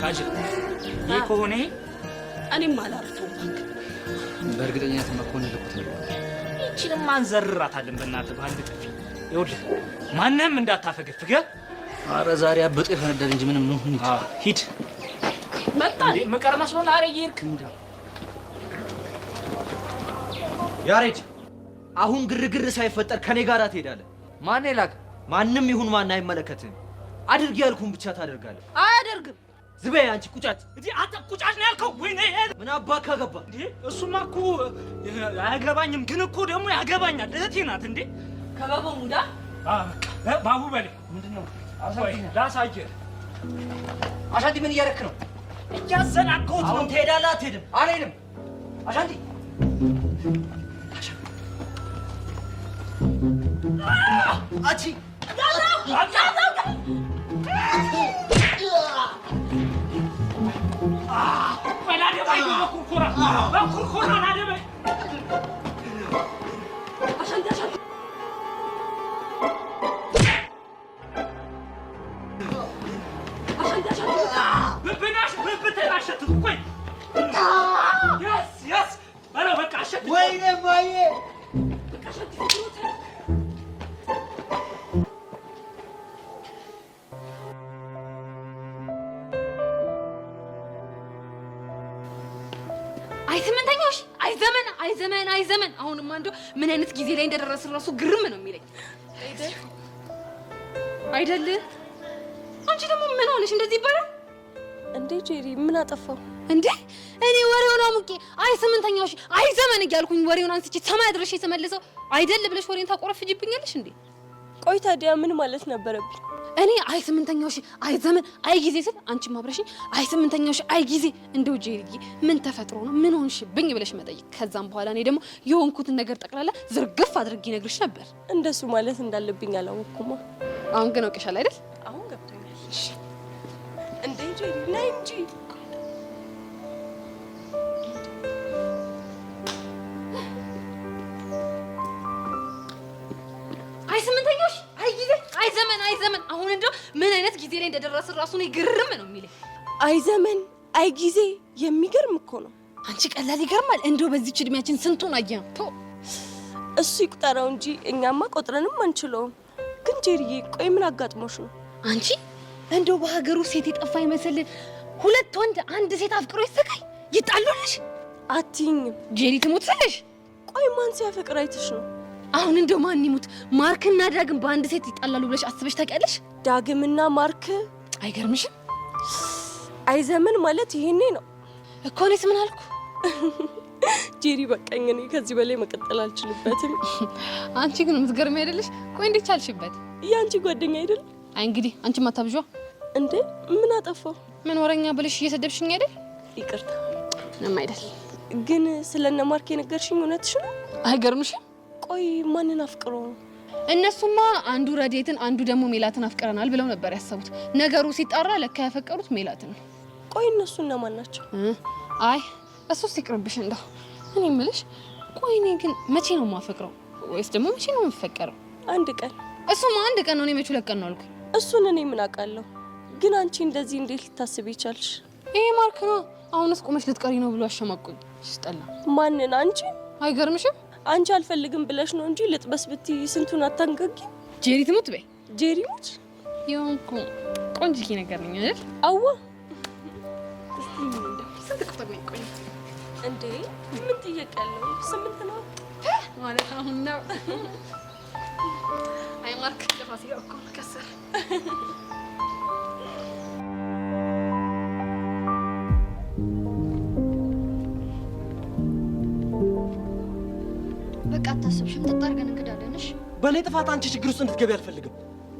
ካጅ ይህ ከሆነ እኔም አላርፈው። በእርግጠኝነት መኮንን ልኩት ነው። ይችንም አንዘርራታለን። በእናትህ በአንድ ጥፊ ይኸውልህ፣ ማንም እንዳታፈገፍገ። አረ ዛሬ አበጡ የፈነዳል እንጂ ምንም ነው። ሂድ መጣ መቀር መስሎን አረ ይርክ ያሬድ አሁን ግርግር ሳይፈጠር ከኔ ጋር ትሄዳለህ። ማን ላክ ማንም ይሁን ማን አይመለከትም። አድርግ ያልኩን ብቻ ታደርጋለህ። አያደርግም ዝበይ አንቺ ቁጫጭ እንዴ! አንተ ቁጫጭ ነው ያልከው? ወይ ወይኔ ምን አባካ ገባ እንዴ! እሱማ እኮ አያገባኝም፣ ግን እኮ ደግሞ ያገባኛል። እህቴ ናት እንዴ! ከባቦ ሙዳ ባቡ በሌ ምንድነው? ላሳየህ። አሻንቲ ምን እያደረክ ነው? እያዘናከሁት ነው። ትሄዳለህ አትሄድም? አልሄድም። አሻንቲ አቺ ไปร้านเดียวไปกูกูกูนะกูกูนะ አይ ስምንተኛው አይ ዘመን አይ ዘመን አይ ዘመን። አሁንማ እንደው ምን አይነት ጊዜ ላይ እንደደረሰ ራሱ ግርም ነው የሚለኝ አይደል? አንቺ ደግሞ ምን ሆነሽ እንደዚህ ይባላል እንዴ? ጄሪ ምን አጠፋው እንዴ? እኔ ወሬውን አሙቄ አይ ስምንተኛው አይ ዘመን እያልኩኝ ወሬውን አንስቼ ሰማይ ድረሽ የተመለሰው አይደል ብለሽ ወሬን ታቆረፍጅብኛለሽ እንዴ? ቆይ ታዲያ ምን ማለት ነበረብኝ? እኔ አይ ስምንተኛው ሺ አይ ዘመን አይ ጊዜ ስል አንቺ አብረሽኝ አይ ስምንተኛው ሺ አይ ጊዜ እንደው ጄሪዬ ምን ተፈጥሮ ነው ምን ሆንሽብኝ ብለሽ መጠየቅ። ከዛም በኋላ እኔ ደግሞ የሆንኩትን ነገር ጠቅላላ ዝርግፍ አድርጌ ነግርሽ ነበር። እንደሱ ማለት እንዳለብኝ አላወኩማ። አሁን ግን አውቀሻል አይደል? አሁን እንደው ምን አይነት ጊዜ ላይ እንደደረስን ራሱ ነው ግርም ነው የሚለኝ። አይ ዘመን አይ ጊዜ የሚገርም እኮ ነው። አንቺ ቀላል ይገርማል። እንደው በዚች እድሜያችን ስንቱን አየነው። እሱ ይቁጠረው እንጂ እኛማ ቆጥረንም አንችለውም። ግን ጄሪዬ ቆይ ምን አጋጥሞሽ ነው? አንቺ እንደው በሀገሩ ሴት የጠፋ ይመስል ሁለት ወንድ አንድ ሴት አፍቅሮ ይሰቃይ ይጣሉልሽ። አትይኝም ጄሪ ትሞትልሽ። ቆይ ማን ሲያፈቅር አይተሽ ነው? አሁን እንደው ማን ይሙት ማርክና ዳግም በአንድ ሴት ይጣላሉ ብለሽ አስበሽ ታውቂያለሽ? ዳግምና ማርክ አይገርምሽም? አይዘመን ማለት ይሄኔ ነው እኮ። እኔስ ምን አልኩ? ጄሪ በቃኝ፣ እኔ ከዚህ በላይ መቀጠል አልችልበትም። አንቺ ግን ምትገርሚ አይደለሽ? ቆይ እንዴት ቻልሽበት? የአንቺ ጓደኛ አይደል? አይ እንግዲህ አንቺ ማታብዣ እንዴ? ምን አጠፋው? ምን ወረኛ ብለሽ እየሰደብሽኝ አይደል? ይቅርታ። ምንም አይደል። ግን ስለነ ማርክ የነገርሽኝ እውነትሽ ነው? አይገርምሽም? ቆይ ማንን አፍቅሮ እነሱማ አንዱ ረዴትን አንዱ ደግሞ ሜላትን አፍቅረናል ብለው ነበር ያሰቡት። ነገሩ ሲጣራ ለካ ያፈቀሩት ሜላትን ነው። ቆይ እነሱ እነማን ናቸው? አይ እሱ ይቅርብሽ። እንደው እኔ ምልሽ፣ ቆይ እኔ ግን መቼ ነው የማፈቅረው ወይስ ደግሞ መቼ ነው የምፈቀረው? አንድ ቀን። እሱማ አንድ ቀን ነው። እኔ መቼ ነው አልኩ። እሱን እኔ ምን አውቃለሁ። ግን አንቺ እንደዚህ እንዴት ልታስብ ይቻልሽ? ይሄ ማርክ ነው። አሁንስ ቁመሽ ልትቀሪ ነው ብሎ አሸማቆኝ። ይስጠላ። ማንን? አንቺ አይገርምሽም? አንቺ አልፈልግም ብለሽ ነው እንጂ ልጥበስ ብቲ ስንቱን አታንገጊ። ጄሪ ትሙት በይ ጄሪ ሙት። የሆንኩ ቆንጅዬ ነገር ነኝ አይደል? አዋ ስንት ቁጥር ነው ቆይ እንዴ ምን ጥያቄ አለው? ስምንት ነው ማለት አሁን ነው። አይ ማርክ ደፋሲ እኮ ከሰር በእኔ ጥፋት አንቺ ችግር ውስጥ እንድትገቢ አልፈልግም።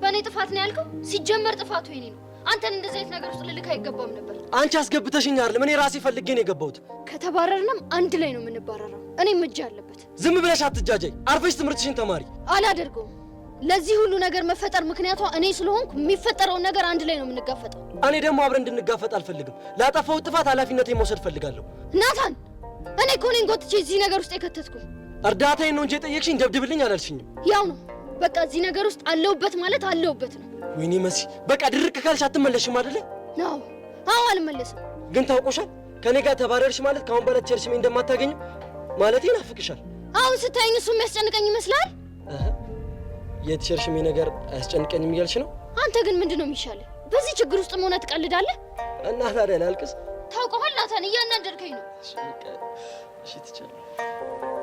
በእኔ ጥፋት ነው ያልከው? ሲጀመር ጥፋቱ የኔ ነው። አንተን እንደዚህ አይነት ነገር ውስጥ ልልክ አይገባም ነበር። አንቺ አስገብተሽኝ አይደለም፣ እኔ ራሴ ፈልጌ ነው የገባሁት። ከተባረርንም አንድ ላይ ነው የምንባረረው። እኔም እጅ አለበት። ዝም ብለሽ አትጃጃይ፣ አርፈሽ ትምህርትሽን ተማሪ። አላደርገውም። ለዚህ ሁሉ ነገር መፈጠር ምክንያቷ እኔ ስለሆንኩ የሚፈጠረውን ነገር አንድ ላይ ነው የምንጋፈጠው። እኔ ደግሞ አብረን እንድንጋፈጥ አልፈልግም። ላጠፋሁት ጥፋት ኃላፊነቴን መውሰድ እፈልጋለሁ። ናታን፣ እኔ እኮ እኔን ጎትቼ እዚህ ነገር ውስጥ የከተትኩ እርዳታዬን ነው እንጂ የጠየቅሽኝ ደብድብልኝ አላልሽኝም። ያው ነው በቃ እዚህ ነገር ውስጥ አለውበት ማለት አለውበት ነው። ወይኔ መሲ በቃ ድርቅ ካልሽ አትመለሽም አይደለ? ናው አዎ፣ አልመለስም። ግን ታውቆሻል። ከኔ ጋር ተባረርሽ ማለት ከአሁን በኋላ ቸርሽሜ እንደማታገኝ ማለት ይናፍቅሻል። አሁን ስታይኝ እሱ የሚያስጨንቀኝ ይመስላል። የቸርሽሜ ነገር አያስጨንቀኝም እያልሽ ነው? አንተ ግን ምንድን ነው የሚሻለ? በዚህ ችግር ውስጥ መሆን ትቀልዳለህ። እና ታዲያ ላልቅስ? ታውቀዋል ናታን፣ እያናደርከኝ ነው። እሺ በቃ እሺ፣ ትችላለህ